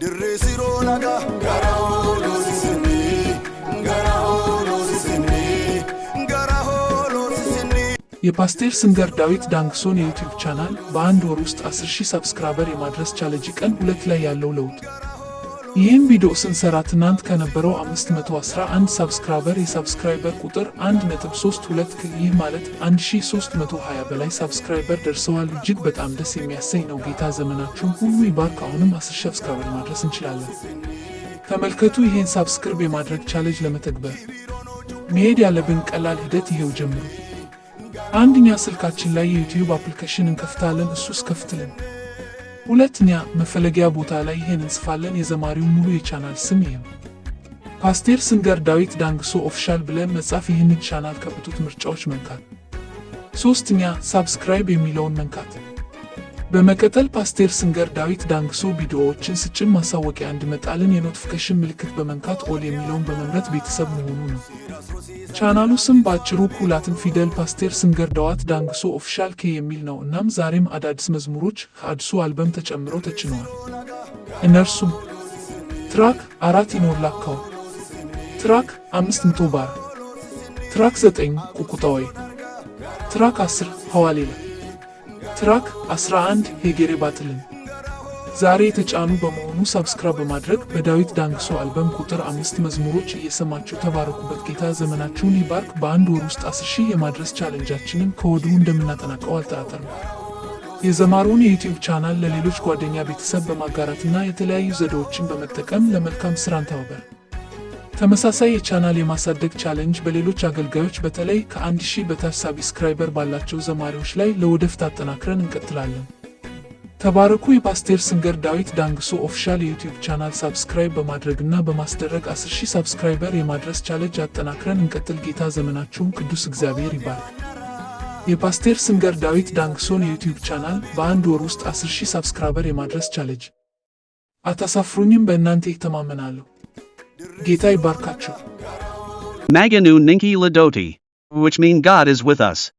dirree siroo nagaa gara gara gara የፓስቴር ስንገር ዳዊት ዳንግሶን የዩቲዩብ ቻናል በአንድ ወር ውስጥ 10 ሺህ ሰብስክራይበር የማድረስ ቻለንጅ ቀን ሁለት ላይ ያለው ለውጥ ይህም ቪዲዮ ስንሰራ ትናንት ከነበረው 511 ሳብስክራይበር የሳብስክራይበር ቁጥር 1.32 ይህ ማለት 1320 በላይ ሳብስክራይበር ደርሰዋል። እጅግ በጣም ደስ የሚያሰኝ ነው። ጌታ ዘመናችሁን ሁሉ ይባርክ። አሁንም 10 ሳብስክራይበር ማድረስ እንችላለን። ተመልከቱ። ይህን ሳብስክርብ የማድረግ ቻለጅ ለመተግበር መሄድ ያለብን ቀላል ሂደት ይሄው ጀምሩ። አንደኛ ስልካችን ላይ የዩትዩብ አፕሊኬሽን እንከፍታለን። እሱ እስከፍትልን ሁለተኛ መፈለጊያ ቦታ ላይ ይሄን እንጽፋለን። የዘማሪው ሙሉ የቻናል ስም ነው። ፓስቴር ስንገር ዳዊት ዳንግሶ ኦፊሻል ብለን መጻፍ። ይህንን ቻናል ከብቱት ምርጫዎች መንካት። ሶስተኛ ሳብስክራይብ የሚለውን መንካት በመቀጠል ፓስቴር ስንገር ዳዊት ዳንግሶ ቪዲዮዎችን ስጭም ማሳወቂያ እንድመጣልን የኖቲፊኬሽን ምልክት በመንካት ኦል የሚለውን በመምረጥ ቤተሰብ መሆኑ ነው። ቻናሉ ስም በአጭሩ ኩላትን ፊደል ፓስቴር ስንገር ዳዋት ዳንግሶ ኦፊሻል ኬ የሚል ነው። እናም ዛሬም አዳዲስ መዝሙሮች ከአዲሱ አልበም ተጨምረው ተጭነዋል። እነርሱም ትራክ አራት ይኖርላካው፣ ትራክ አምስት ምቶ ባር፣ ትራክ ዘጠኝ ቁቁጣዊ፣ ትራክ አስር ሐዋሌላ ትራክ 11 ሄጌሬ ባትልን ዛሬ የተጫኑ በመሆኑ ሳብስክራይብ በማድረግ በዳዊት ዳንግሶ አልበም ቁጥር አምስት መዝሙሮች እየሰማችሁ ተባረኩበት። ጌታ ዘመናችሁን ይባርክ። በአንድ ወር ውስጥ 10 ሺህ የማድረስ ቻለንጃችንን ከወዲሁ እንደምናጠናቀው አልጠራጠርም። የዘማሩን የዩቲዩብ ቻናል ለሌሎች ጓደኛ ቤተሰብ በማጋራትና የተለያዩ ዘዴዎችን በመጠቀም ለመልካም ስራን ተባበር ተመሳሳይ የቻናል የማሳደግ ቻለንጅ በሌሎች አገልጋዮች በተለይ ከአንድ ሺህ በታች ሳብስክራይበር ባላቸው ዘማሪዎች ላይ ለወደፊት አጠናክረን እንቀጥላለን። ተባረኩ። የፓስቴር ስንገር ዳዊት ዳንግሶ ኦፊሻል የዩቲዩብ ቻናል ሳብስክራይብ በማድረግና በማስደረግ 10 ሺህ ሳብስክራይበር የማድረስ ቻለንጅ አጠናክረን እንቀጥል። ጌታ ዘመናችሁም ቅዱስ እግዚአብሔር ይባርክ። የፓስቴር ስንገር ዳዊት ዳንግሶን የዩቲዩብ ቻናል በአንድ ወር ውስጥ 10 ሺህ ሳብስክራይበር የማድረስ ቻለንጅ። አታሳፍሩኝም፣ በእናንተ ይተማመናለሁ። Maganu Ninki Ladoti, which means God is with us.